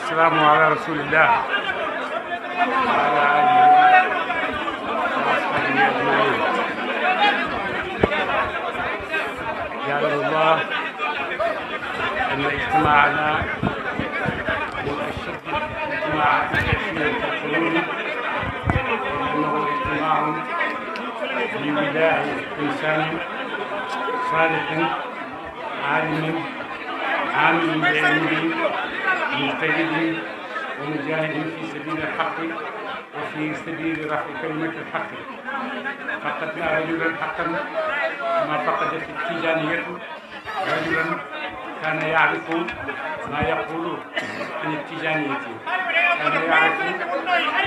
wassalaamu ala rasulillah wa ala alihi wa ashabihi ajmain جعله الله أن اجتماعنا من أشد الاجتماع في القرون إنه اجتماع لوداع إنسان صالح عالم عامل بعلمه مجتهد ومجاهد في سبيل الحق وفي سبيل رفع كلمة الحق فقد رجلا حقا ما فقدت التجانية رجلا كان يعرف ما يقول عن التجانية كان يعرف كان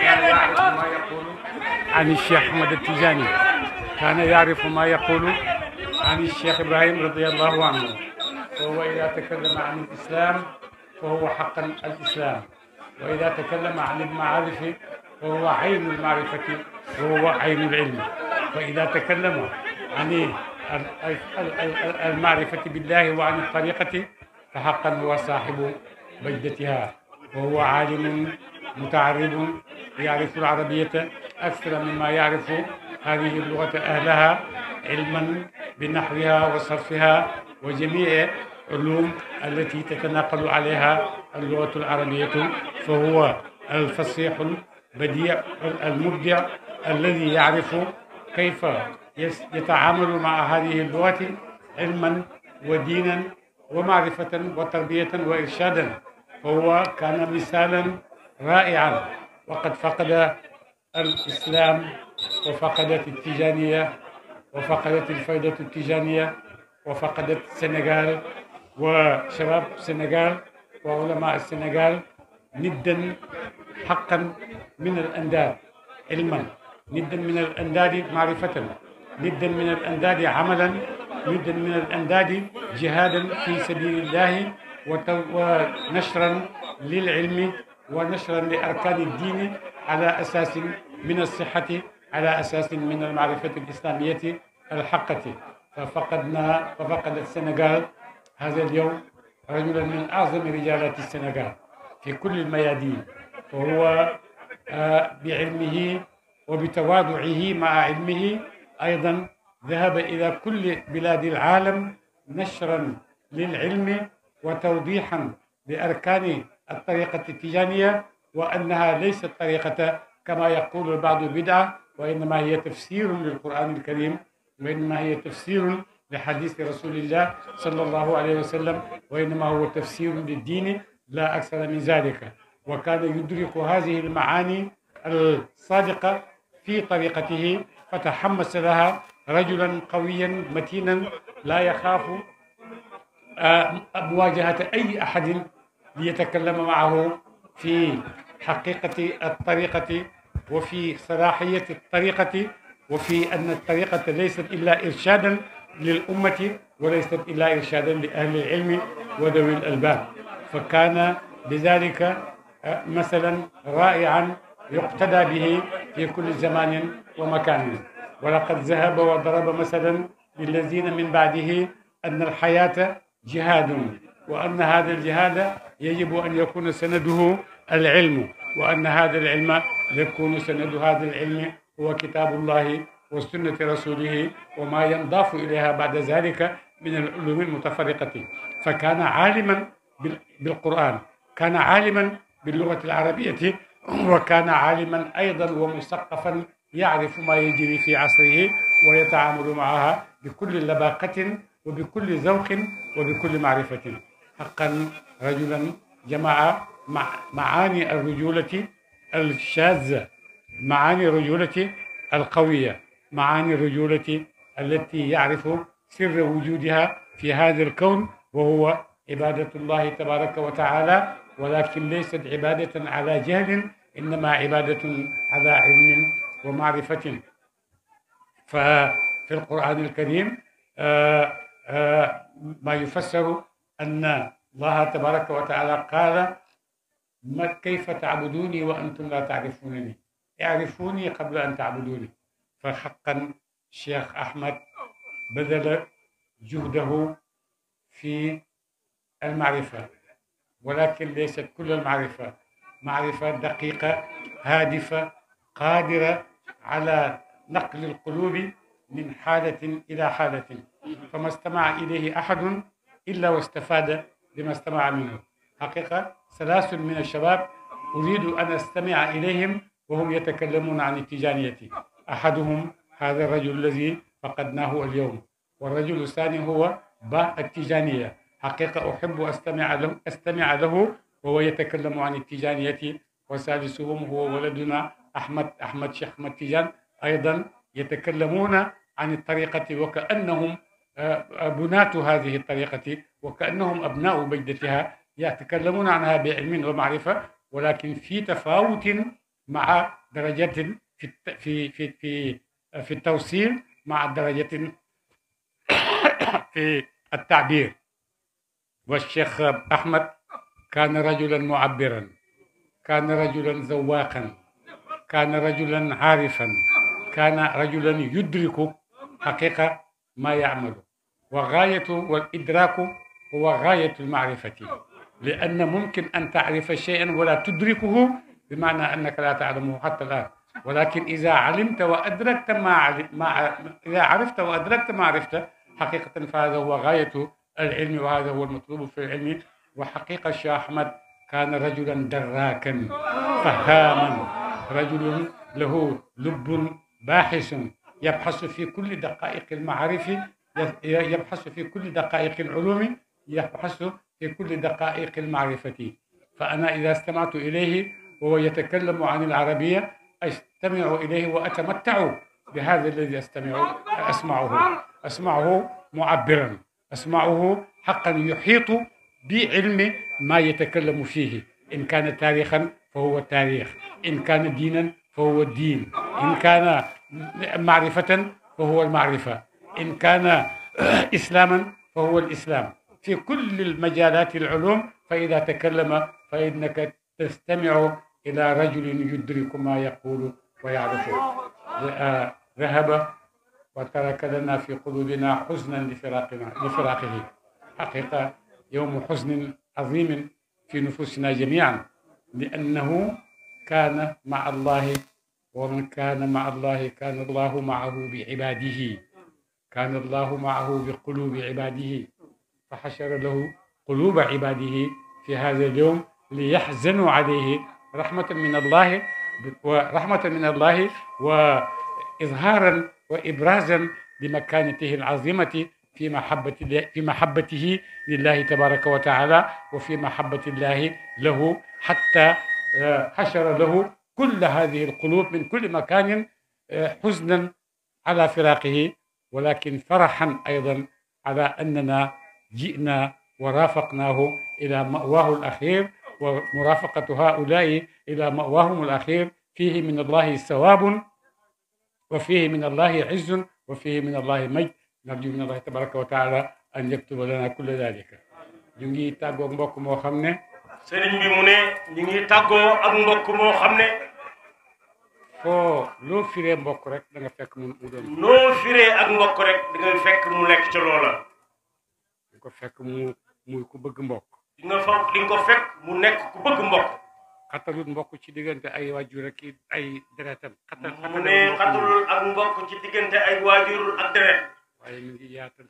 يعرف ما يقول عن الشيخ أحمد التجاني كان يعرف ما يقول عن الشيخ إبراهيم رضي الله عنه وهو إذا تكلم عن الإسلام فهو حقا الإسلام وإذا تكلم عن المعارف فهو عين المعرفة وهو عين العلم وإذا تكلم عن المعرفة بالله وعن الطريقة فحقا هو صاحب بجدتها وهو عالم متعرب يعرف العربية أكثر مما يعرف هذه اللغة أهلها علما بنحوها وصرفها وجميع علوم التي تتناقل عليها اللغة العربية فهو الفصيح البديع المبدع الذي يعرف كيف يتعامل مع هذه اللغة علما ودينا ومعرفة وتربية وإرشادا فهو كان مثالا رائعا وقد فقد الإسلام وفقدت التجانية وفقدت الفائدة التجانية وفقدت السنغال وشباب السنغال وعلماء السنغال ندا حقا من الأنداد علما ندا من الأنداد معرفة ندا من الأنداد عملا ندا من الأنداد جهادا في سبيل الله ونشرا للعلم ونشرا لأركان الدين على أساس من الصحة على أساس من المعرفة الإسلامية الحقة ففقدنا ففقد السنغال هذا اليوم رجلا من أعظم رجالات السنغال في كل الميادين وهو بعلمه وبتواضعه مع علمه أيضا ذهب إلى كل بلاد العالم نشرا للعلم وتوضيحا لأركان الطريقة التيجانية وأنها ليست طريقة كما يقول البعض بدعة وإنما هي تفسير للقرآن الكريم وإنما هي تفسير لحديث رسول الله صلى الله عليه وسلم وإنما هو تفسير للدين لا أكثر من ذلك وكان يدرك هذه المعاني الصادقة في طريقته فتحمس لها رجلا قويا متينا لا يخاف مواجهة أي أحد ليتكلم معه في حقيقة الطريقة وفي صلاحية الطريقة وفي أن الطريقة ليست إلا إرشادا lil ummati walaysat illa irshaadan li ahli ilmi wa dawi albaab fa kaana bidalika masalan raa'ian yuqtada bihi fi kulli zamanin wa makanin wa laqad zahaba wa daraba masalan lilladina min baadihi أن الحياة جهاد وأن هذا الجهاد يجب أن يكون سنده العلم وأن هذا العلم يكون سند هذا العلم هو كتاب الله wa sunnati rasulihi wa ma yandaafu ilayha bada zalika min al ulumi almutafarriqati fa kaana aaliman bilquran kaana aaliman billugati alarabiyati wa kaana aaliman aydan wa musaqafan yacrifu ma yajri fi asrihi wa yataamalu maaha bikulli labaqatin wa bikulli zawqin wa bikulli macrifatin حقا رجلا جمع معاني الرجولة الشاذة معاني الرجولة القوية معاني الرجولة التي يعرف سر وجودها في هذا الكون وهو عبادة الله تبارك وتعالى ولكن ليست عبادة على جهل إنما عبادة على علم ومعرفة ففي القرآن الكريم ما يفسر أن الله تبارك وتعالى قال ما كيف تعبدوني وأنتم لا تعرفونني اعرفوني قبل أن تعبدوني fa xaqan Cheikh Ahmed badala juhdahu fi almaarifa walakin laysat kull almaarifa maarifa daqiqa haadifa qaadira ala naqli alqulubi min xaalatin ila xaalatin fama stamaca ilayhi axadun illa wastafada bima stamaca minhu xaqiqa salaasun min alshabab uridu an astamica ilayhim wa hum yatakallamuuna an tijaaniyati ahaduhum hada rajul alladi faqadnahu alyawm والرجل الثاني هو با التيجانية حقيقة أحب أستمع له أستمع له وهو يتكلم عن التيجانية وسادسهم هو ولدنا أحمد أحمد شيخ أحمد تيجان أيضا يتكلمون عن الطريقة وكأنهم بنات هذه الطريقة وكأنهم أبناء بيدتها يتكلمون عنها بعلم ومعرفة ولكن في تفاوت مع درجات في في في في في التوصيل مع درجة في التعبير والشيخ أحمد كان رجلا معبرا كان رجلا ذواقا كان رجلا عارفا كان رجلا يدرك حقيقة ما يعمل وغاية والإدراك هو غاية المعرفة لأن ممكن أن تعرف شيئا ولا تدركه بمعنى أنك لا تعلمه حتى الآن ولكن إذا علمت وأدركت ما, ما إذا عرفت وأدركت ما عرفت حقيقة فهذا هو غاية العلم وهذا هو المطلوب في العلم وحقيقة الشيخ أحمد كان رجلا دراكا فهاما رجل له لب باحث يبحث في كل دقائق المعارف يبحث في كل دقائق العلوم يبحث في كل دقائق المعرفة فأنا إذا استمعت إليه وهو يتكلم عن العربية أستمع إليه وأتمتع بهذا الذي أستمع أسمعه أسمعه معبرا أسمعه حقا يحيط بعلم ما يتكلم فيه إن كان تاريخا فهو تاريخ إن كان دينا فهو الدين إن كان معرفة فهو المعرفة إن كان إسلاما فهو الإسلام في كل المجالات العلوم فإذا تكلم فإنك تستمع ila rajulin yudriku ma yaqulu wa yaarifu ذهب وترك لنا في قلوبنا حزنا لفراقنا لفراقه حقيقة يوم حزن عظيم في نفوسنا جميعا لأنه كان مع الله ومن كان مع الله كان الله معه بعباده كان الله معه بقلوب عباده فحشر له قلوب عباده في هذا اليوم ليحزنوا عليه rahmatan min allahi wa rahmatan min allahi wa izharan wa ibrazan li makanatihi alazimati fi mahabbati fi mahabbatihi lillahi tabaraka wa taala wa fi mahabbati llahi lahu hatta hashara lahu كل هذه القلوب من كل مكان حزنا على فراقه ولكن فرحا ايضا على اننا جئنا ورافقناه الى مأواه الاخير ومرافقة هؤلاء إلى مأواهم الأخير فيه من الله ثواب وفيه من الله عز وفيه من الله مجد نرجو من الله تبارك وتعالى أن يكتب لنا كل ذلك ñu ngi tàggoo mbokk moo xam ne sëriñ bi mu ne ñu ngi tàggoo ak mbokk ne foo loo firee mbokk rek da nga fekk mu mu doon loo firee ak mbokk rek da nga fekk mu nekk ca loola da nga fekk mu muy ku bëgg mbokk di nga fa di ko fekk mu nekk ku bëgg mbokk xatalul mbokk ci diggante ay waajur ak ay deretam xatal mu ne xatalul ak mbokk ci diggante ay waajur ak deret waaye mi ngi ci yaatuwaayu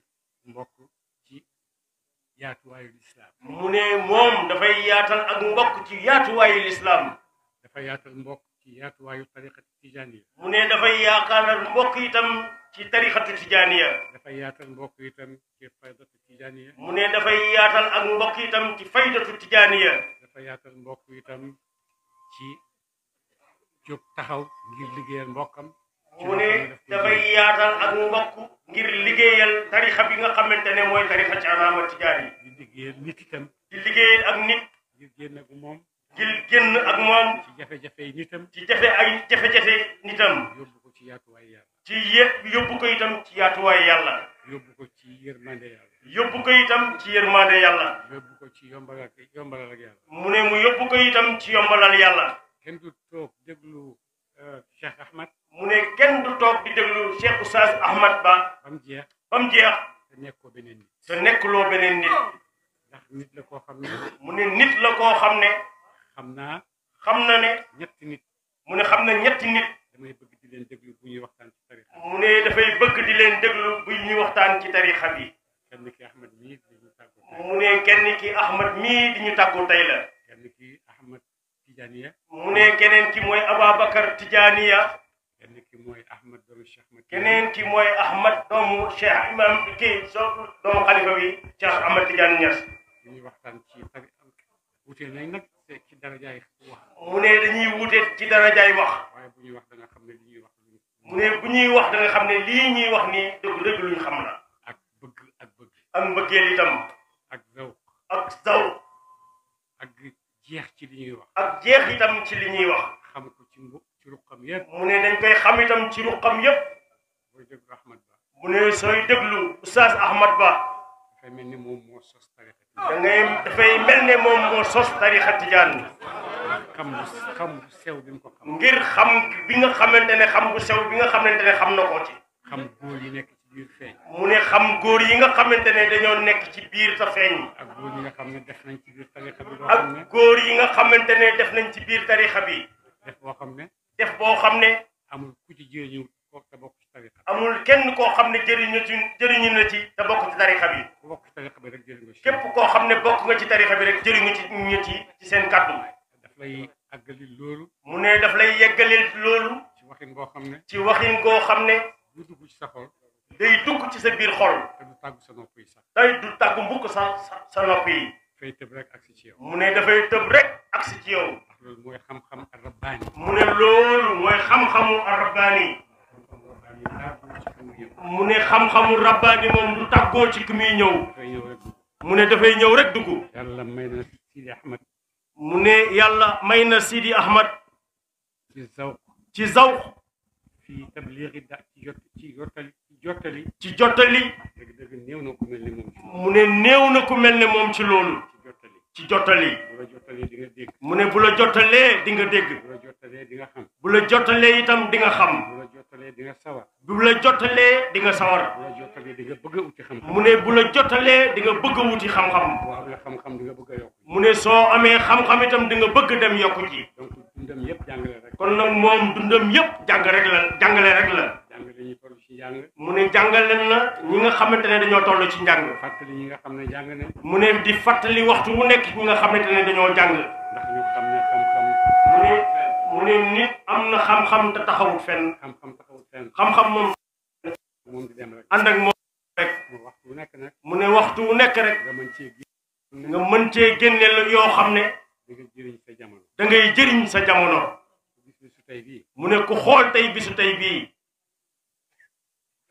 lislaam mu ne moom dafay yaatal ak mbokk ci yaatuwaayu lislaam dafay yaatal mbok ci yaatuwaayu tariqati tijaaniya mu ne dafay yaakaaral mbokk itam ci tarixatu tijaaniya dafay yaatal mbokk itam ci faydatu tijaaniya mu ne dafay yaatal ak mbokk itam ci faydatu tijaaniya dafay yaatal mbokk itam ci jóg taxaw ngir liggéeyal mbokkam mu ne dafay yaatal ak mbokk ngir liggéeyal tarixa bi nga xamante ne mooy tarixa ci anaama tijaani di liggéeyal nit itam di liggéeyal ak nit ngir génn ak moom ak moom ci jafe-jafe nitam ci jafe jafe nitam yóbbu ko ci yaatuwaay yàlla ci yé yóbbu ko itam ci yaatuwaay yàlla. yóbbu ko ci yërmande yàlla. yóbbu ko itam ci yërmande yàlla. yóbbu ko ci yombalal yombalal ak mu ne mu yóbbu ko itam ci yombalal yàlla. kenn du toog déglu euh, Cheikh Ahmad. mu ne kenn du toog di déglu Cheikh Oustaz Ahmad Ba. ba mu jeex ba mu jeex. te nekkoo beneen nit. te nekkuloo beneen nit. ndax nit la koo xam ne. mu ne nit la ko xam ne. xam naa. xam na ne. ñett nit. mu ne xam na ñetti nit. damay bëgg. leen déglu bu ñuy waxtaan ci tarixa bi. mu ne dafay bëgg di leen déglu bu ñuy waxtaan ci tarixa bi. kenn ki Ahmed mii di ñu tàggu tey la. kenn ki Ahmed mii di ñu tàggu tey la. kenn ki Ahmed Tijaniya. mu ne keneen ki mooy Ababacar Tijaniya. kenn ki mooy Ahmed doomu Cheikh Ahmed. keneen ki mooy Ahmed doomu Cheikh imam kii so doomu xalifa bi Cheikh Ahmed Tidiane Niass. bu mu ne dañuy wute ci darajaay mu ne bu ñuy wax da xam ne lii ñuy wax ni dëgg-dëgg luñ xam la. ak bëgg ak bëgg. ak mbëggeel itam. ak zawq. ak zawq. ak jeex ci li ñuy wax. ak jeex itam ci li ñuy wax. xam ku ci ci ruqam yëpp. mu ne dañ koy xam itam ci luqam yëpp. booy déglu Ba. mu ne sooy déglu Oustaz Ahmad Ba. dafay mel ni moom moo sos tariqa da ngay dafay mel ne moom moo sos tarixa tijaan bi. xam xam sew bi ko xam. ngir xam bi nga xamante ne xam bu sew bi nga xamante ne xam na ko ci. xam góor yi nekk ci biir mu ne xam góor yi nga xamante ne dañoo nekk ci biir sa feeñ. ak góor yi nga xam ne def nañ ci biir tarixa bi. ak góor yi nga xamante ne def nañ ci biir tarixa bi. def boo xam ne. def boo xam ne. amul ku ci jëriñu te bokk amul kenn koo xam ne jëriñu ci jëriñu na ci te bokk ci tarixa bi képp koo xam ne bokk nga ci tarixa bi rek jëriñu ci ñu ci ci seen kàddu daf lay àggalil loolu mu ne daf lay yeggalil loolu ci waxin goo xam ne ci waxin goo xam ne du dugg ci sa xol day dugg ci sa biir xol te du tàggu sa nopp yi sax day du tàggu mbukk sa sa nopp yi dafay tëb rek agsi ci yow mu ne dafay tëb rek agsi ci yow loolu mooy xam-xam arabani mu ne loolu mooy xam-xamu arabani mu ne xam-xamu rabbaani moom du tàggoo ci ki muy ñëw mu ne dafay ñëw rek dugg yàlla may na Sidi Ahmad mu ne yàlla may na Sidi Ahmad ci zawq ci zawq fii tabliigi da ci jot ci jottali ci jottali ci jottali dëgg-dëgg néew na ku mel mu ne néew na ku mel ne moom ci loolu ci jottali mu ne bu la jottalee di nga dégg bu jottalee itam di xam jottalee di nga bu la jottalee di nga sawar. bu la jottalee di nga bëgg wuti xam-xam. mu ne bu la jottalee di nga bëgg a wuti xam-xam. boo amee xam-xam di nga bëgg a yokk. mu ne soo amee xam-xam itam di nga bëgg dem yokku ji. donc dundam yëpp jàngale rek. kon nag moom dundam yëpp jàng rek la rek la. jàngale ñu toll ci njàng. mu ne jàngale na ñi nga xamante ne dañoo toll ci njàng. fàttali ñi nga xam ne jàng nañ. mu ne di fàttali waxtu wu nekk ñi nga xamante dañoo jàng. ndax ñu xam mu ne nit am na xam-xam te taxawut fenn. xam-xam taxawut moom. moom ak moom rek. waxtu wu nekk nag. mu ne waxtu wu nekk rek. nga mën cee génne. nga mën cee génne yoo xam ne. da ngay jëriñ sa jamono. da ngay jëriñ sa jamono. bisu tey bii. mu ne ku xool tey bisu tey bii.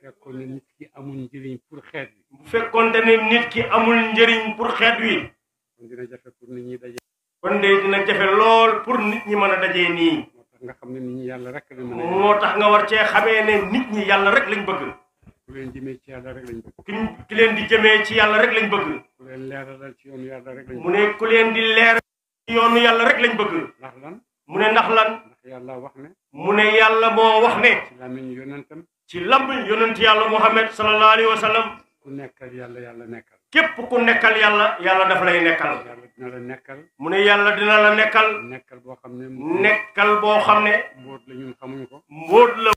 fekkoon ne nit ki amul njëriñ pour xeet wi. bu fekkoon ne nit ki amul njëriñ pour xeet wi. kon dina jafe pour nit ñi daje. kon de dina jafe lool pour nit ñi mën a dajee nii. moo tax nga xam ne nit ñi yàlla rek lañ mën moo tax nga war cee xamee ne nit ñi yàlla rek lañ bëgg. ku leen ci yàlla rek lañ bëgg. ki leen di jëmee ci yàlla rek lañ bëgg. ku leen leeralal ci yoonu yàlla rek lañ mu ne ku leen di leeral ci yoonu yàlla rek lañ bëgg. ndax lan mu ne ndax lan. ndax yàlla wax ne. mu ne yàlla boo wax ne. ci làmmiñ yonentam. ci làmmiñ yonent yàlla Muhammad sallallahu alayhi wa sallam. ku nekkal yàlla yàlla nekkal. képp ku nekkal yàlla yàlla daf lay nekkal. yàlla dina la nekkal. mu ne yàlla dina la nekkal. nekkal boo xam ne. nekkal boo xam ne. mbóot la ñun xamuñu ko. mbóot la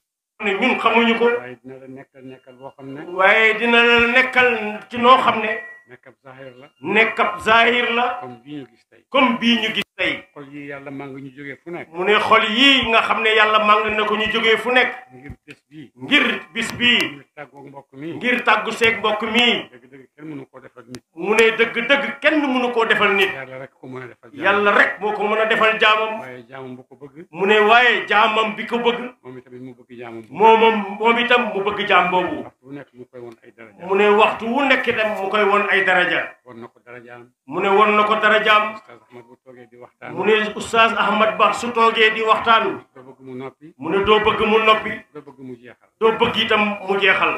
ñun xamuñu ko. waaye dina la nekkal nekkal boo xam ne. waaye dina la nekkal ci noo xam ne. nekkab zahir la. nekkab comme bii ñu gis tey. comme bii ñu gis tey. xol ñu jógee fu nekk. mu ne xol yii nga xam ne yàlla màng na ko ñu jógee fu nekk. ngir bis bii. ngir bis bii. ngir tàggoog mbokk mi. ngir tàggu seeg mbokk mi. dëgg-dëgg kenn mënu koo defal nit. ne dëgg-dëgg kenn mënu koo defal nit. yàlla rek ko mën a defal jaamam yàlla rek moo ko mën a defal jaamam. waaye jaamam bu ko bëgg. mu ne waaye jaamam bi ko bëgg. moom itam mu bëgg jaamam. moom moom waxtu wu nekk mu koy won ay ay daraja. won na ko darajaam. mu ne won na ko darajaam. Oustaz Ahmad bu toogee di waxtaan. mu ne Oustaz Ahmad Ba su toogee di waxtaan. doo bëgg mu mu ne doo bëgg mu noppi. doo bëgg mu jeexal. doo bëgg itam mu jeexal.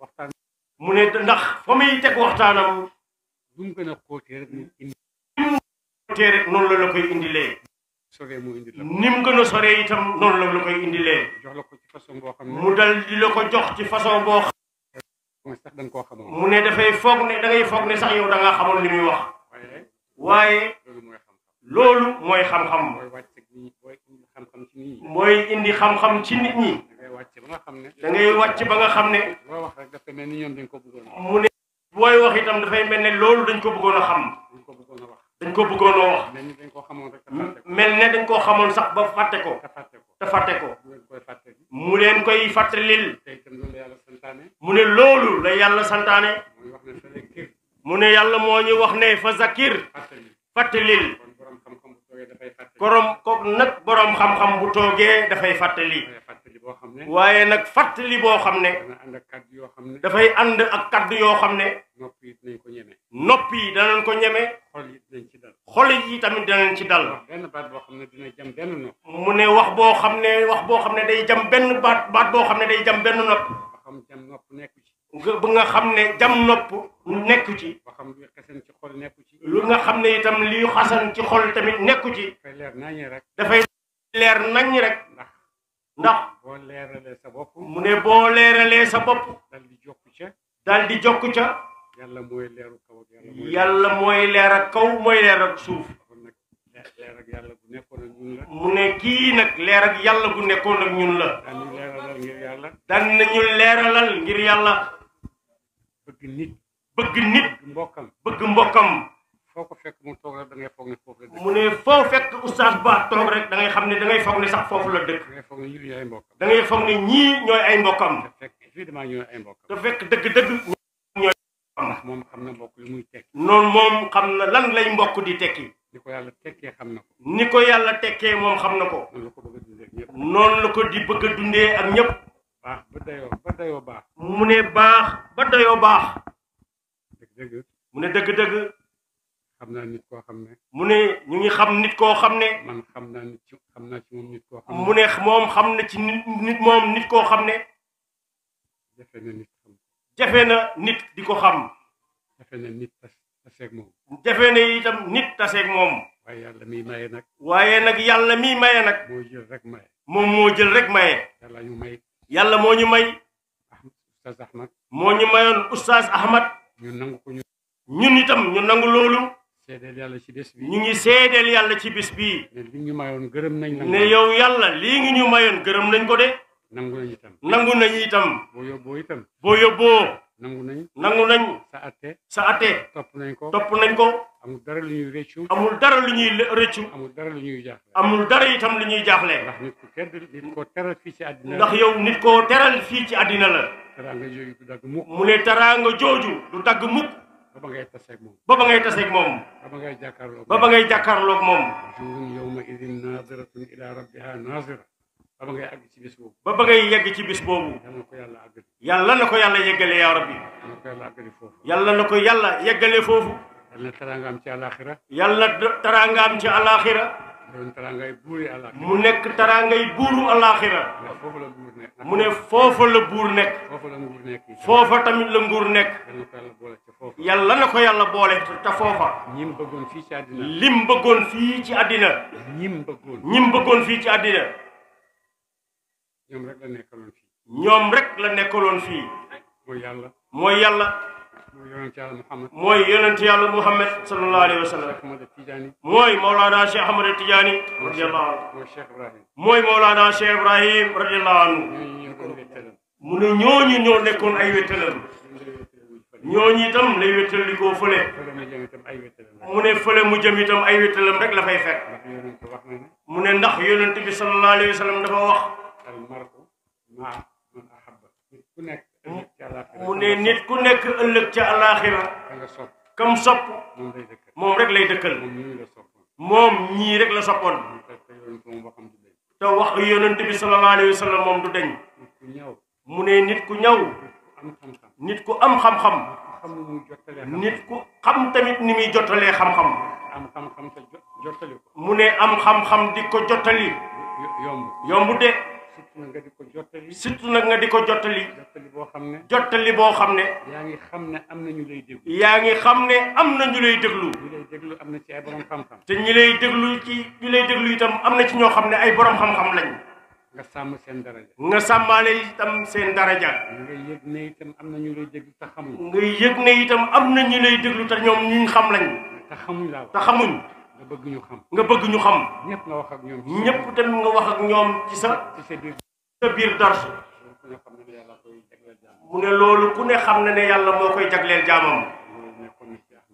waxtaan. mu ne ndax fa muy teg waxtaanam. du la la koy indilee. mu indi la ni gën a soree itam noonu la la koy indilee. mu dal di la jox ci façon boo mooy sax dañ koo xamoon. mu ne dafay foog ne da ngay foog ne sax yow da ngaa xamoon li muy wax. waaye loolu mooy xam-xam. mooy indi xam-xam ci nit ñi. da ngay wàcc ba nga xam ne. da ngay wàcc ba nga xam ne. loo wax rek dafay mel ni ñoom dañ ko bëggoon a. mu ne booy wax itam dafay mel ne loolu dañ ko bëggoon a xam. dañ ko bëggoon a wax. dañ ko bëggoon a wax. mel ne dañ koo xamoon rek. mel ne dañ koo xamoon sax ba fàtte ko. te fàtte ko mu leen koy fàttalil mu ne loolu la yàlla santaane mu ne yàlla moo ñu wax ne fa zakir fàttalil korom ko nag boroom xam-xam bu toogee dafay fàttali waaye nag fàttali boo xam ne. dafay ànd ak kaddu yoo xam ne. nopp yi dinañ ko ñeme. nopp yi danañ ko ñeme. xol yi dinañ ci dal. xol yi tamit danañ ci dal. benn baat boo xam ne dina jam benn nopp. mu ne wax boo xam ne wax boo xam ne day jam benn baat baat boo xam ne day jam benn nopp. ba xam jam nopp nekku ci. ba nga xam ne jam nopp nekku ci. ba xam luy xasan ci xol nekku ci. lu nga xam ne itam liy xasan ci xol tamit nekku ci. dafay leer nañ rek. dafay leer nañ rek. ndax boo leeralee sa bopp. mu ne boo leeralee sa bopp. dal jokku ca. dal di jokku ca. yàlla mooy leeru kaw mooy leer kaw mooy suuf. leer ak yàlla gu nekkoon ak nag leer ak yàlla gu nekkoon ak ñun la. daan nañu leeralal ngir yàlla. daan nañu leeralal ngir yàlla. bëgg nit. bëgg nit. mbokkam. bëgg mbokkam. foo ko fekk mu toog rek da foog ne foofu la dëkk. mu xam ne da ngay foog ne sax foofu la dëkk. da ngay foog ne ñii ñooy ay mbokkam. da ngay foog ñooy ay mbokkam. te fekk évidemment ñooy ay moom xam na mbokk li muy tekki. noonu moom xam na lan lay mbokk di tekki. ni ko yàlla tekkee xam na ko. ni ko yàlla tekkee moom xam na ko. noonu ko bëgg a dundee ak la ko di bëgg a dundee ak ñëpp. baax ba dayoo ba dayoo baax. mu ne baax ba dayoo baax. dëgg-dëgg. mu ne dëgg-dëgg. xam naa nit koo xam ne. mu ne ñu ngi xam nit koo xam ne. man xam ci xam naa ci moom koo xam ne. mu ne moom xam na ci nit nit moom nit koo xam ne. jafe na nit na nit di ko xam. jafe na nit taseeg moom. jafe na itam nit taseek moom. waaye yàlla miy maye nag. waaye nag yàlla mi maye nag. moo jël rek maye. moom moo jël rek maye. yàlla may. yàlla moo ñu may. Oustaz Ahmad. moo ñu mayoon Oustaz Ahmad. ñu nangu ko ñu. ñun itam ñu nangu loolu. seedeel yàlla ci bés bi ñu ngi seedeel yàlla ci bés bi ne li ñu mayoon gërëm nañ la. ne yow yàlla lii ngi ñu mayoon gërëm nañ ko de. nangu nañ itam. nangu nañ itam. boo yóbboo itam. boo yóbboo. nangu nañ. nangu nañ. sa atte. sa atte. topp nañ ko. topp nañ ko. amul dara lu ñuy rëccu. amul dara lu ñuy rëccu. amul dara lu ñuy jaaxle. amul dara itam lu ñuy jaaxle. ndax nit ku teral fii ci àddina yow nit koo teral fii ci àddina la. teraanga jooju jooju du dagg mukk ba ba ngay taseeg moom. ba ba ngay taseeg moom. ba ba ngay jàkkaarloog moom ba ba ngay jàkkaarloog moom. ba ba ngay àgg ci boobu. ba ba ci bis boobu. yàlla na ko yàlla àggali. yàlla na ko yàlla yeggale yaa rabbi. yàlla na ko yàlla àggali foofu. yàlla na ko yàlla yeggale foofu. ci alaaxira. yàlla taraangaam doon taraangay buur yàlla. mu nekk taraangay buuru alaaxira. mu ne foofa la buur nekk. foofa la nguur nekk. foofa tamit la nguur nekk. yàlla na ko yàlla boole te foofa. ñi mu bëggoon fii ci àddina. li mu bëggoon fii ci àddina. bëggoon ñi bëggoon fii ci àddina. ñoom fii. ñoom rek la nekkaloon fii. mooy yàlla. mooy yàlla. mooy yonent yàlla Muhammad mooy yonent yàlla Muhammad sallallahu alayhi wa sallam mooy Mawlana Cheikh Ahmad Tidiane radiyallahu anhu mooy Cheikh Ibrahim mooy Mawlana Cheikh Ibrahim radiyallahu anhu mu ne ñooñu ñoo nekkoon ay wéttalam ñooñu itam lay wéttal li koo fële mu ne fële mu jëm itam ay wéttalam rek la fay fekk mu ne ndax yonent bi sallallahu alayhi wa sallam dafa wax al mar'u ma'a man ahabba ku nekk mu ne nit ku nekk ëllëg ca alaaxira kam sopp moom rek lay dëkkal moom ñii rek la soppoon te wax yonent bi sallallahu alayhi wa sallam moom du deñ mu ne nit ku ñaw nit ku am xam-xam nit ku xam tamit ni muy jottalee xam-xam mu ne am xam-xam di ko jottali yomb de surtout nag nga di ko jottali. surtout nag nga di ko jottali. jottali boo xam ne. jottali boo xam ne. yaa ngi xam ne am na ñu lay déglu. yaa ngi xam ne am na ñu lay déglu. déglu am na ci ay borom xam-xam. te ñi lay déglu ci ñu lay déglu itam am na ci ñoo xam ne ay borom xam-xam lañu. nga sàmm seen daraja. nga sàmmaale itam seen daraja. nga yëg ne am na ñu lay déglu te xamuñ. nga yëg ne itam am na ñu lay déglu te ñoom ñu xam lañ te xamuñ laa te xamuñ. nga bëgg ñu xam. nga bëgg xam. ñëpp nga wax ak ñoom. ñëpp dem nga wax ak ñoom ci sa. ci sa biir sa biir darsu mu ne loolu ku ne xam na ne yàlla moo koy jagleel jaamam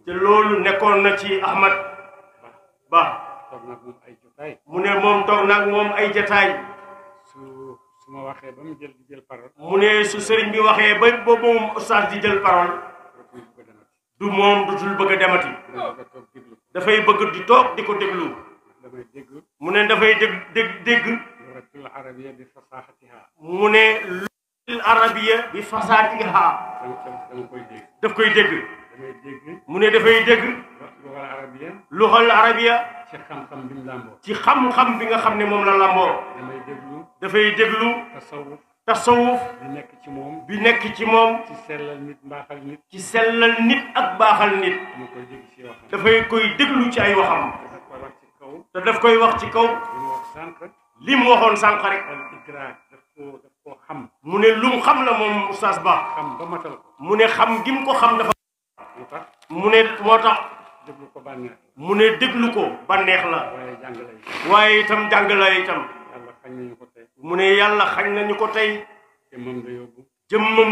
te loolu nekkoon na ci Ahmad Ba mu ne moom toog nag moom ay jataay su ma waxee ba mu jël di jël parole mu ne su sëriñ bi waxee ba ba moom oustaz di jël parole du moom dutul bëgg a demati dafay bëgg di toog di ko déglu mu ne dafay dégg dégg lugatil bi fasaxatiha mu ne lugatil arabiya bi fasaxatiha daf koy dégg mu ne dafay dégg lugal arabiya lugal arabiya ci xam-xam bi mu làmboo ci xam-xam nga xam ne moom la làmboo damay déglu dafay déglu tasawuf tasawuf bi nekk ci moom bi nekk ci moom ci sellal nit mbaaxal nit ci sellal nit ak baaxal nit dafay koy déglu ci ay waxam te daf koy wax ci kaw li mu waxoon sànq rek. xam. mu ne lu xam la moom oustaz Ba. xam ba matal mu ne xam gim ko xam dafa. moo tax mu ne moo tax. déglu ko ba mu ne déglu ko bànneex la. waaye jàngale itam. waaye itam jàngale itam. yàlla xañ mu ne yàlla xañ nañu ko tey. jëmmam la yóbbu. jëmmam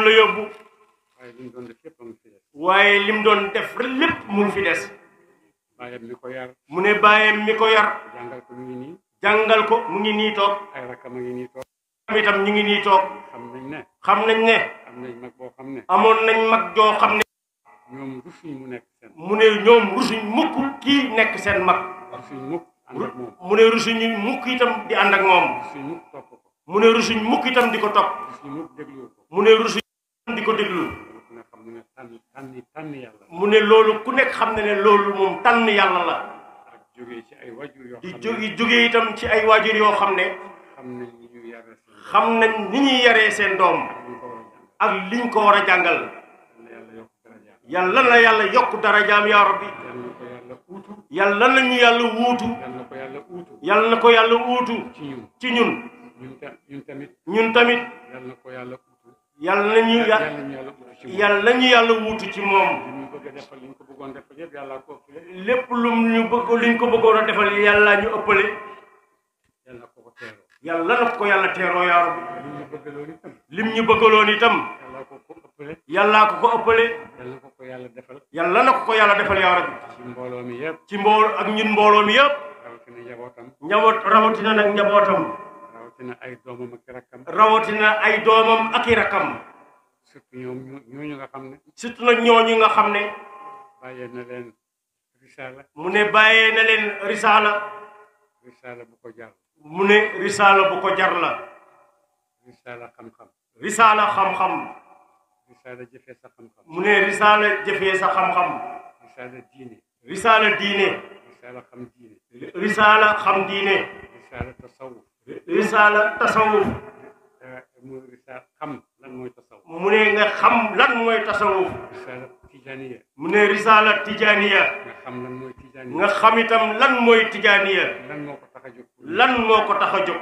waaye li mu doon def lépp fi des. waaye mu doon lépp mu fi des. bàyyam mi ko yar. mu ne bàyyam mi ko yar. jàngal ko mu ngi nii toog. ay rakkam mu ngi nii toog. ñu ngi nii toog. xam nañ ne. xam nañ ne. am nañ mag boo xam ne. amoon nañ mag joo xam ne. ñoom rusuñ mu nekk seen. mu ne ñoom rusuñ mukk kii nekk seen mag. rusuñ mukk ànd ak moom. mu ne rusuñ mukk itam di ànd ak moom. rusuñ mukk topp ko. mu ne rusuñ mukk itam di ko topp. rusuñ mukk déglu ko. mu ne rusuñ di ko déglu. mu ne loolu ku nekk xam ne ne loolu moom tànn yàlla la. jógee ci ay yoo xam ne di jógee itam ci ay waajur yoo xam ne. xam nañ ni ñuy yaree seen xam nañ seen doom. ak liñ ko war a jàngal. yàlla na yàlla yokk darajaam yaa rabbi. yàlla na ñu yàlla wuutu. yal na ko yàlla wuutu. ci ñun. ñun tamit. ñun tamit. yàlla na ñu yàlla wuutu ci moom. bëggoon def yëpp yàlla ko ëppale lépp lu ñu bëgg luñ ko bëggoon a defal yàlla ñu ëppale yàlla ko ko a yàlla na ko yàlla teeroo yaa ñu bëggaloon itam lim ñu bëggaloon itam yàlla ko ko ëppale yàlla ko ko ëppale yàlla na ko ko yàlla defal ko ko yàlla defal yaa rabbi ci mbooloo mi ci mbooloo ak ñun mbooloo mi yëpp rawatina njabootam njaboot rawatina nag njabootam rawatina ay doomam ak i rakkam rawatina ay doomam ak i rakkam surtout ñooñu nga xam ne surtout nag ñooñu nga xam ne bàyyee na leen mu ne bàyyee na leen risaala. risaala bu ko jar. mu ne risaala bu ko jar la. risaala xam-xam. risaala xam-xam. risaala jëfee mu ne risaala sa xam-xam. risaala diine. risaala diine. risaala xam diine. risaala xam diine. risaala tasawuf. risaala tasawuf. Eh, mu risaala xam lan mooy tasawuf. tijaniya mu ne risaala tijaniya nga xam lan mooy tijaniya nga xam itam lan mooy tijaniya lan moo ko tax a jóg lan moo ko tax a jóg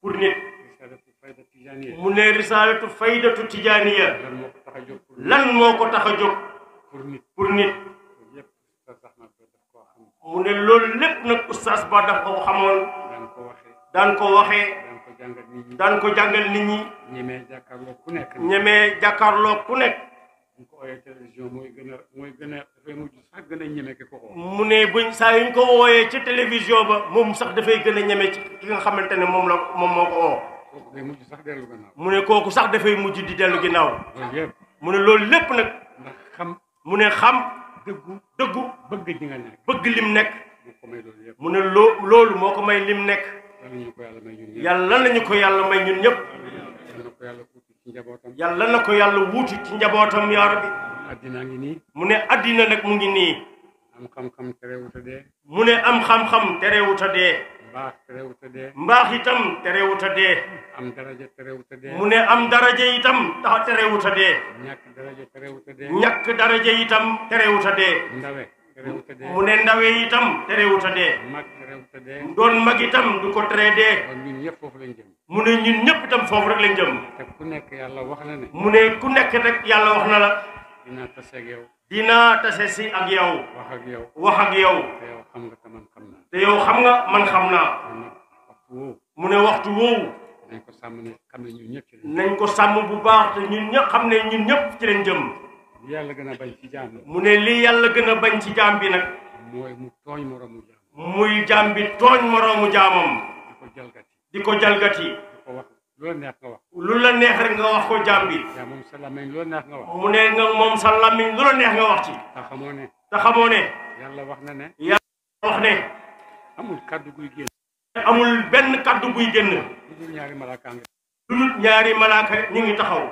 pour nit pour nit mu ne risaalatu faydatu tijaniya lan moo ko tax a jóg pour nit pour nit mu ne loolu lépp nag oustaz ba daf ko xamoon daan ko waxee dan ko jàngal nit ñi ñemee jàkkaarloo ku nekk ñemee jàkkaarloo ku nekk bu ko ooyee télévision mooy gën a mooy gën a dafay sax gën a ko mu ne buñ saa ko wooyee ci télévision ba moom sax dafay gën a ñeme ci ki nga xamante ne moom la moom moo ko woo. mujj sax mu ne kooku sax dafay mujj di dellu ginnaaw. mu ne loolu lépp nag. ndax xam mu ne xam. dëggu dëggu. bëgg ji nga nekk bëgg lim nekk. mu ne loo loolu moo ko may lim nekk. yàlla nañu ko yàlla may ñun ñëpp. ci njabootam yàlla na ko yàlla wuutu ci njabootam yaa ngi nii mu ne addina nag mu ngi nii am xam-xam terewuta mu ne am xam-xam terewuta dee mbaax terewuta dee mbaax itam terewuta dee am daraja terewuta dee mu ne am daraja itam tax terewuta dee ñàkk daraja terewuta dee ñàkk daraja itam terewuta dee ndawe mu ne ndawe itam terewut a dee. mag doon mag itam du ko teree dee. ñëpp foofu lañ jëm. mu ne ñun ñëpp itam foofu rek le jëm. te ku nekk yàlla wax na ne. mu ne ku nekk rek yàlla wax na la. dinaa tase ak yow. dinaa tase si ak yow. wax ak yow. wax ak yow. te yow xam nga te man xam naa. yow xam nga man xam naa. mu ne waxtu woowu. nañ ko sàmm ne xam ne ñun ñëpp ci lañ. nañ ko sàmm bu baax te ñun ñëpp xam ne ñun ñëpp ci lañ li yàlla gën a bañ ci jaam bi. mu ne li yàlla gën a bañ ci jaam bi nag. mooy mu tooñ moroomu jaam. muy jaam bi tooñ moroomu jaamam. di ko jalgati. di ko jalgati. lu la neex nga wax. lu la neex rek nga wax ko jaam bi. sa làmmiñ lu neex nga wax. mu ne nga moom sa làmmiñ lu la neex nga wax ci. te ne. te ne. yàlla wax na ne. yàlla wax ne. amul kaddu guy génn. amul benn kaddu buy génn. lu dul ñaari malaaka lu ñaari malaaka ñu ngi taxaw.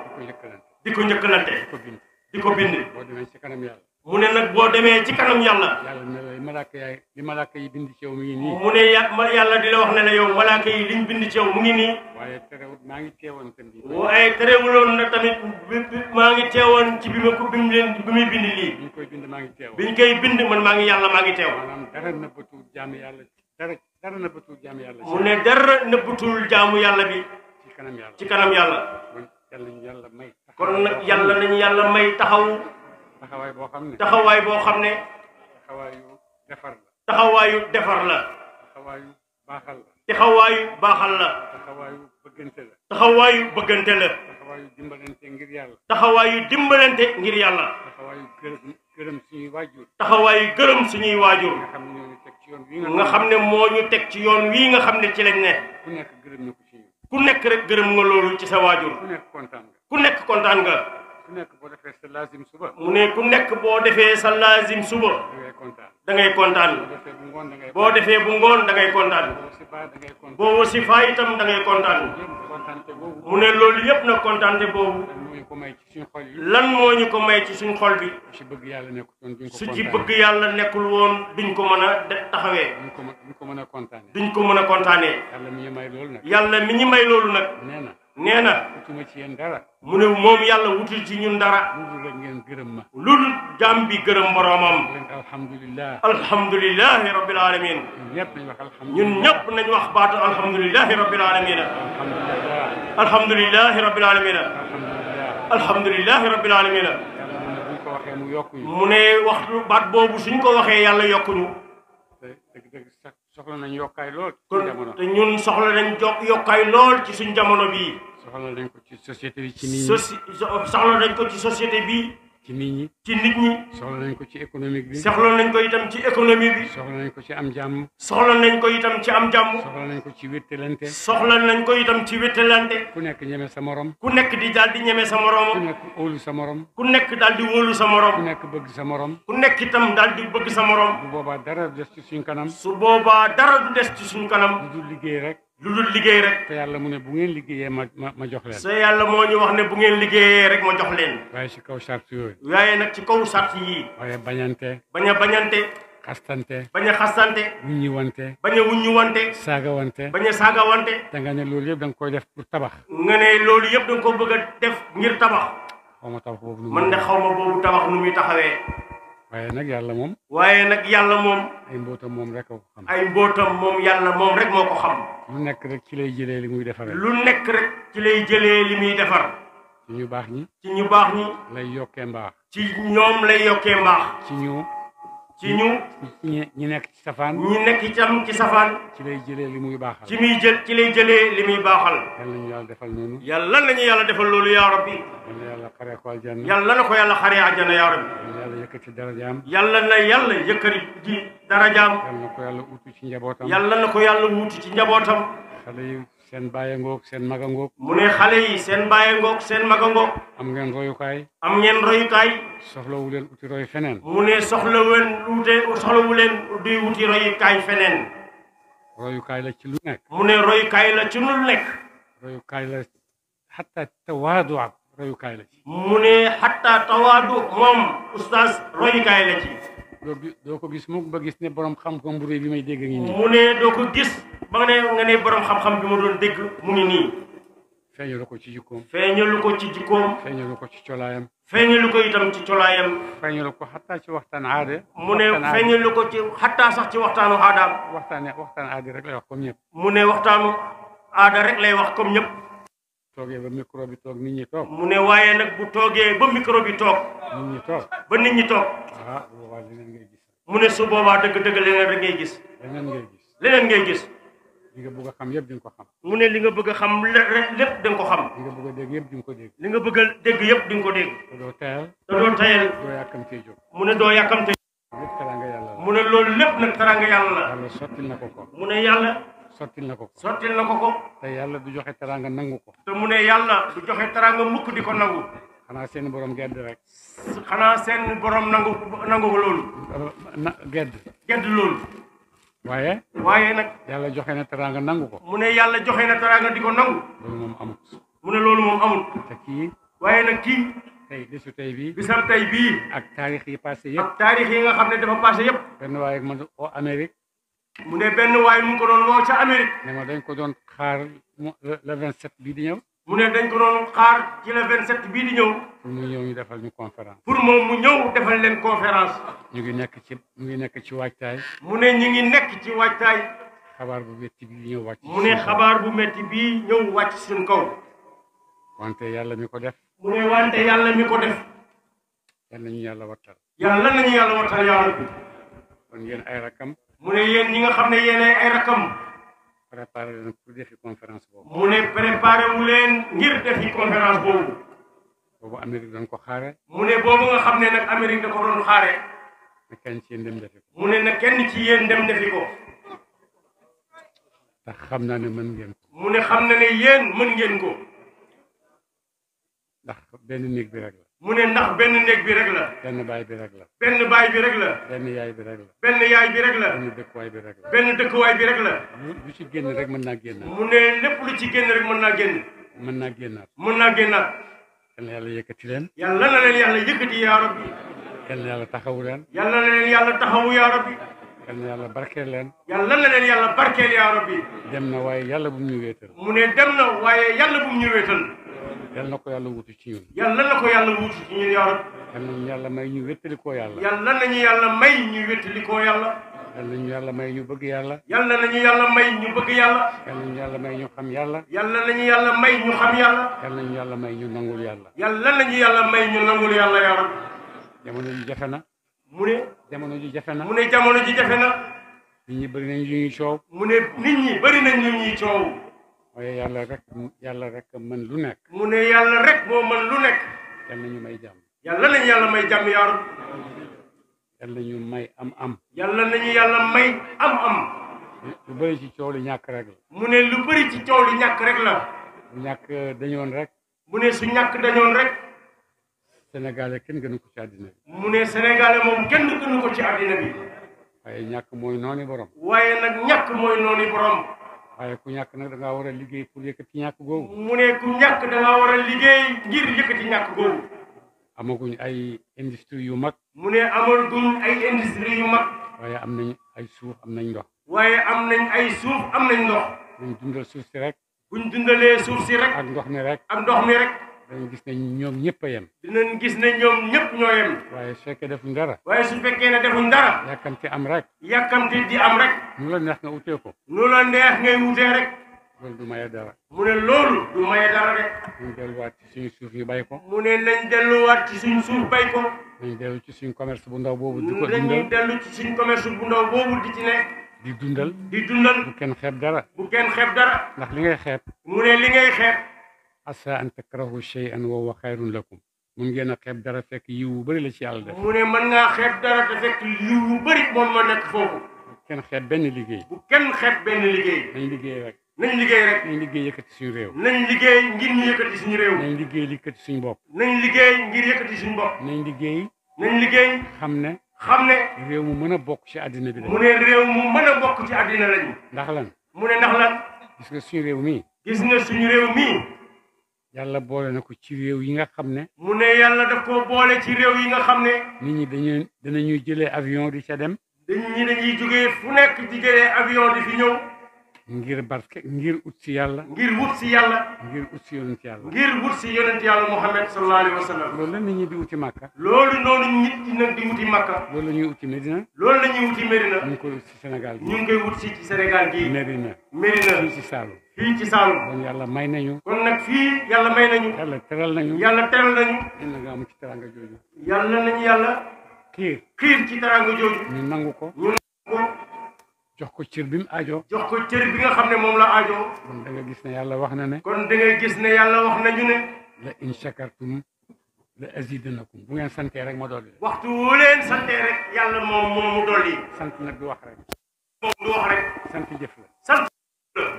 di ko njëkkalante. di ko njëkkalante. di ko bind. boo demee ci kanam yàlla. mu ne nag boo demee ci kanam yàlla. yàlla ne la malaaka yaay li malaaka yi bind ci yow mu ngi nii. mu ne yàlla di la wax ne la yow malaaka yi liñ bind ci yow mu ngi nii. waaye terewul maa ngi teewoon tamit. waaye terewuloon na tamit maa ngi teewoon ci bi ma ko bi mu leen bi muy bind lii. biñ koy bind maa ngi teewoon. biñ koy bind man maa ngi yàlla maa ngi teew. maanaam dara nëbbatul jaamu yàlla dara dara nëbbatul jaamu yàlla. mu ne dara nëbbatul jaamu yàlla bi. ci kanam yàlla ci kanam yàlla. yàlla may. kon nag yàlla nañu yàlla may taxaw. taxawaay boo xam ne taxawaay boo xam ne. taxawaayu defar la. taxawaayu defar la. taxawaayu baaxal la. taxawaayu baaxal la. taxawaayu bëggante la. taxawaayu bëggante la. taxawaayu dimbalante ngir yàlla. taxawaayu dimbalante ngir yàlla. taxawaayu gërëm suñuy waajur. taxawaayu gërëm suñuy waajur. nga xam ne moo ñu teg ci yoon wii nga xam ne moo ñu teg ci yoon wii nga xam ne ci lañ ne. ku nekk gërëm na ko ci rek gërëm nga loolu ci sa waajur. ku ku nekk kontaan nga. ku nekk boo defee sa laazim suba. mu ne ku nekk boo defee sa laazim suba. da ngay kontaan da ngay kontaan. boo defee bu ngoon da ngay kontaan. boo wasifa itam da ngay kontaan. mu ne loolu yëpp na kontaante boobu. lan moo ñu ko may ci suñ xol bi. su ci bëgg yàlla nekkul woon duñ ko su ci bëgg yàlla nekkul woon duñ ko mën a taxawee. duñ ko mën a kontaanee. duñ ko mën a kontaanee. yàlla mi ñu nag. yàlla mi ñu may loolu nag. nee na wutuma ci yéen dara mu ne moom yàlla wutul ci ñun dara lu dul ngeen gërëm ma lu dul jàmm bi gërëm boroomam alhamdulilah alhamdulilahi rabbil alamin ñun ñëpp nañ wax baatu alhamdulilahi rabbil alamin alhamdulilahi rabbil alamin alhamdulilahi rabbil alamin mu ne waxtu baat boobu suñ ko waxee yàlla yokkuñu soxla nañ yokkaay lool. kon te ñun soxla nañ yokkaay lool ci suñ jamono bii. soxla nañ ko ci société bi ci nii. soxla nañ ko ci société bi ci nit ñi ci nit ñi soxla nañ ko ci économique bi soxla nañ ko itam ci économie bi soxla nañ ko ci am jàmm soxla nañ ko itam ci am jàmm soxla nañ ko ci wéttalante soxla nañ ko itam ci wéttalante ku nekk ñeme sa morom ku nekk di daal di ñeme sa morom ku nekk óolu sa morom ku nekk daal di wóolu sa morom ku nekk bëgg sa morom ku nekk itam daal di bëgg sa morom bu boobaa dara du des ci suñ kanam su boobaa dara du des ci suñ kanam du liggéey rek lu dul liggéey rek. te yàlla mu ne bu ngeen liggéeyee ma ma ma jox leen. yàlla moo ñu wax ne bu ngeen liggéeyee rek ma jox leen. waaye ci kaw sart yooyu. waaye nag ci kaw sart yii. waaye bañante. bañ a bañante. xastante. baña a xastante. wuññi wante. bañ a wuññi wante. saaga wante. bañ saaga wante. da nga ne loolu yëpp da nga def pour tabax. nga ne loolu yëpp da nga ko bëgg a def ngir tabax. xaw ma tabax boobu. man taxawee. waaye nag yàlla moom. waaye nag yàlla moom. ay mbootam moom rek ko xam. ay mbootam moom yàlla moom rek moo ko xam. lu nekk rek ci lay jëlee li muy defaree. lu nekk rek ci lay jëlee li muy defar. ci ñu baax ñi. ci ñu baax ñi. lay yokkee mbaax. ci ñoom lay yokkee mbaax. ci ñu. ci ñu. ñi nekk ci safaan. ñi nekk itam ci safaan. ci lay jëlee li muy baaxal. ci muy jël ci lay jëlee li muy baaxal. yàlla nañu yàlla defal noonu. yàlla nañu yàlla defal loolu yaa rabbi. yàlla yàlla xaree ko aljanna. yàlla na ko yàlla xaree aljanna yaa rabbi. yàlla yëkkati darajaam. yàlla na yàlla yëkkati di darajaam. yàlla na ko yàlla wuutu ci njabootam. yàlla na ko yàlla wuutu ci njabootam. xale yi. seen baay a ngoog seen mag a ngoog mu ne xale yi seen baay a ngoog seen mag a ngoog am ngeen royukaay am ngeen royukaay soxlawu leen uti roy feneen mu ne soxlaween wute soxlawu leen duy wuti royukaay feneen royukaay la ci lu nekk mu ne royukaay la ci lu nekk royukaay la xataa tawaadu royukaay la ci mu ne xataa tawaadu moom oustaz royukaay la ci doo doo ko gis mukk ba gis ne borom xam-xam bu rëy bi may dégg ngi nii. mu ne doo ko gis ba nga ne borom xam-xam bi ma doon dégg mu ngi nii. feeñalu ko ci jikkoom. feeñalu ko ci jikkoom. feeñalu ko ci colaayam. feeñalu ko itam ci colaayam. feeñalu ko xataa ci waxtaan aade. mu ne feeñalu ko ci xataa sax ci waxtaanu aadaam. waxtaanee waxtaan aade rek lay wax comme ñëpp. mu ne waxtaanu aada rek lay wax comme ñëpp. toogee ba micro bi toog nit ñi toog. mu ne waaye nag bu toogee ba micro bi toog. nit ñi toog ba nit ñi toog. ah boobaa leneen ngay gis. mu ne su boobaa dëgg-dëgg leneen rek ngay gis. leneen ngay gis. leneen ngay gis. li nga bëgg a xam yëpp di nga ko xam. mu ne li nga bëgg a xam lépp di nga ko xam. li nga bëgg a dégg yëpp di nga ko dégg. li nga bëgg a dégg yëpp di nga ko dégg. te doo tayal. te doo tayal. doo yàkkamtee jóg. mu ne doo yàkkamtee. lépp taranga yàlla la. mu ne loolu lépp nag taranga yàlla la. yàlla sotti na ko ko. mu ne yàlla sottil na ko ko sottil na ko ko te yàlla du joxe teraanga nangu ko te mu ne yàlla du joxe teraanga mukk di ko nangu seen borom gedd rek xanaa seen borom nangu nangu ko loolu na gedd gedd loolu waaye waaye nag yàlla na teraanga nangu ko mu ne yàlla joxe na teraanga di ko nangu loolu moom amut mu ne loolu moom amul te kii waaye nag kii tey bisu tey bii bisam tey bii ak taarix yi passé yëpp taarix yi nga xam ne dafa passé yëpp benn waaye man oo Amérique mu ne benn waay mu ko doon loo ca Amérique. ne ma dañ ko doon xaar mu vingt 27 bii di ñëw. mu ne dañ ko doon xaar ci le 27 bii di ñëw. pour ñu defal ñu conférence. pour moom mu ñëw defal leen conférence. ñu ngi nekk ci ñu ngi nekk ci waajtaay. mu ne ñu ngi nekk ci waajtaay. xabaar bu métti bii ñëw wàcc. mu ne xabaar bu métti bii ñëw wàcc suñ mi ko def. mu ne wante yàlla mi ko def. yàlla nañu yàlla wattal. yàlla nañu yàlla wattal yàlla. ay rakam. mu ne yéen ñi nga xam ne yéen ay rakam. préparé leen pour defi conférence boobu. mu ne préparé wu ngir defi conférence boobu. boobu Amérique doon ko xaare. mu ne boobu nga xam ne nag Amérique da ko doon xaare. na kenn ci yéen dem defi ko. mu ne na kenn ci yéen dem defi ko. ndax xam naa ne mën ngeen ko. mu ne xam na ne yéen mën ngeen ko. ndax benn néeg bi rek mu ne ndax benn néeg bi rek la. benn baay bi rek la. benn yaay bi rek la. benn bi rek la. dëkkuwaay bi rek la. lu ci génn rek mën naa génn. mu ne lépp lu ci génn rek mën naa génn. mën naa génnaat. mën naa génnaat. yal na yàlla yëkkati leen. yàlla na leen yàlla yëkkati yaa yàlla taxawu leen. yàlla na yaa rabbi. yal na leen. yàlla barkeel yaa rabbi. dem na waaye yàlla bu mu mu ne dem na waaye yàlla bu mu yal na ko yàlla wutu ci ñun yal na may ñu wéttali koo yàlla yal may ñu wéttali koo yàlla yal nañu yàlla may ñu bëgg yàlla yal nañu yàlla may ñu bëgg yàlla yal nañu yàlla may ñu xam yàlla yal yàlla may ñu yàlla may ñu nangul yàlla yal nañu yàlla ñu nangul yàlla yaa ji jafe na mu ne jamono ji jafe na mu ne jamono ji jafe na ñi bëri nañ ñu ñuy coow ñu coow waaye yàlla rek yàlla rek mën lu nekk. mu ne yàlla rek moo mën lu nekk. yàlla nañu may jàmm. yàlla nañu yàlla may jàmm yaaru. yàlla nañu may am-am. yàlla nañu yàlla may am-am. lu bëri ci coow ñàkk rek la. mu ne lu bëri ci coow ñàkk rek la. ñàkk dañoon rek. mu ne su ñàkk dañoon rek. Sénégalais kenn gënu ko ci àddina bi. mu ne Sénégalais moom kenn gënu ko ci àddina bi. waaye ñàkk mooy noonu borom. waaye nag ñàkk mooy noonu borom. waaye ku ñàkk nag da ngaa war a liggéey pour yëkkati ñàkk googu. mu ku ñàkk da ngaa liggéey ngir yëkkati ñàkk googu. amaguñ ay industrie yu mag. mu ne amaguñ ay industrie yu mag. waaye am nañ ay suuf am nañ ndox. waaye am nañ ay suuf am nañ ndox. buñ dundal suuf si rek. buñ dundalee suuf si rek. ak ndox mi rek. danañ gis ne ñoom ñëpp a yem dinañ gis ne ñoom ñëpp ñoo waaye su fekkee defuñ dara waaye am rek di la neex nga ko nu la dara mu ne loolu du suñu suuf yi bay ko mu ne nañ ci suñu commerce bu ndaw boobu di ko dundal nañuy di ci dundal bu kenn xeeb dara bu kenn xeeb dara ndax li ngay xeeb mu ne li ngay xeeb asa an takrahu shay'an wa huwa xayrun lakum mun ngeen a xeeb dara fekk yiw wu bëri la ci yàlla def mu ne mën ngaa xeeb dara fekk yiw bëri moom ma nekk foofu bu kenn xeeb benn liggéey bu kenn xeeb benn liggéey nañ liggéey rek nañ liggéey rek nañ liggéey yëkkati suñu réew nañ liggéey ngir ñu yëkkati suñu nañ liggéey ngir yëkkati suñu bopp nañ liggéey nañ liggéey xam ne xam ne réew mu mën a bokk ci àddina bi la mu réew mu mën a bokk ci àddina lañu ndax lan mu ndax lan gis nga yàlla boole na ko ci réew yi nga xam ne. mu ne yàlla def koo boole ci réew yi nga xam ne. nit ñi dañuy danañuy jëlee avion di ca dem. dañuy dañuy jógee fu nekk di jëlee avion di fi ñëw. ngir barke ngir ut si yàlla. ngir wut si ngir ut si yonent yàlla. ngir wut si yonent yàlla Muhammad sallallahu alayhi wa loolu la nit ñi di uti Makka. loolu noonu nit ñi nag di uti Makka. loolu la ñuy uti Medina. loolu ut si Sénégal gi. ñu ngi koy ut si Sénégal fii ci Saalum. kon yàlla may nañu. kon nag fii yàlla may nañu. yàlla teral nañu. yàlla teral nañu. yàlla nga am ci teranga jooju. yàlla yàlla. xiir xiir ci teranga jooju. nangu ko. ñu jox ko cër bi mu aajo. jox ko cër bi nga xam ne moom la aajo. kon da gis ne yàlla wax na ne. kon da gis ne yàlla wax nañu ne. la in shakartum la azidanakum bu ngeen santee rek ma dolli. waxtu wu leen santee rek. yàlla moom moomu dolli. sant nag du wax rek. moom du wax rek. sant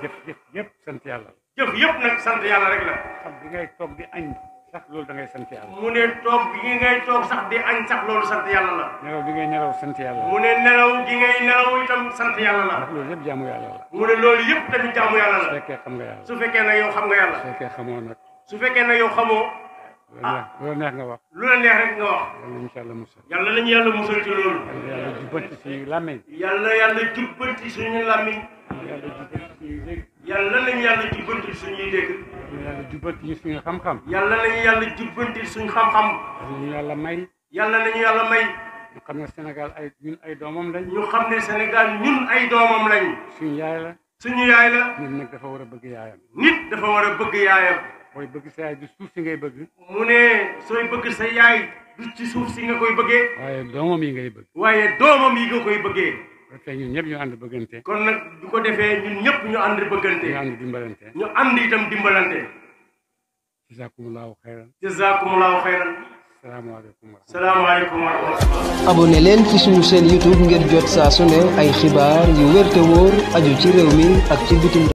jëf jëf yëpp sant yàlla jëf yëpp nag sant yàlla rek la toog bi ngay toog di añ sax loolu da ngay sant yàlla mu ne toog gi ngay toog sax di añ sax loolu sant yàlla la nelaw bi ngay nelaw sant yàlla mu ne nelaw gi ngay nelaw itam sant yàlla la ndax loolu yëpp jaamu yàlla la mu ne loolu yëpp tamit jaamu yàlla la su fekkee xam nga yàlla su fekkee nag yow xam nga yàlla su fekkee xamoo nag su fekkee nag yow xamoo ah lu la neex nga wax. lu la neex rek nga wax. yàlla nañu yàlla musal. yàlla nañu yàlla musal ci loolu. yàlla yàlla jubbanti suñu làmmiñ. yàlla yàlla jubbanti suñu làmmiñ. yàlla jubbanti suñuy dégg. yàlla yàlla jubbanti suñu xam-xam. yàlla nañu yàlla may. yàlla nañu yàlla may. ñu xam ne senegal ay ñun ay doomam lañ. ñu xam ne Sénégal suñu yaay la. suñu yaay la. nit nag dafa war a bëgg yaayam. nit dafa war a bëgg yaayam. mooy bëgg sa yaay du suuf si ngay bëgg. mu ne sooy bëgg sa yaay du ci suuf si nga koy bëggee. waaye doomam yi ngay bëgg. waaye doomam yi nga koy bëggee. tey ñun ñëpp ñu ànd bëggante. kon nag bu ko defee ñun ñëpp ñu ànd bëggante. ñu ànd dimbalante. ñu ànd itam dimbalante. jazakumullahu xayran. jazakumullahu xayran. salaamaaleykum. salaamaaleykum wa rahmatulah. abonné leen ci suñu seen YouTube ngir jot saa su ne ay xibaar yu wér te wóor aju ci réew mi ak ci bitim.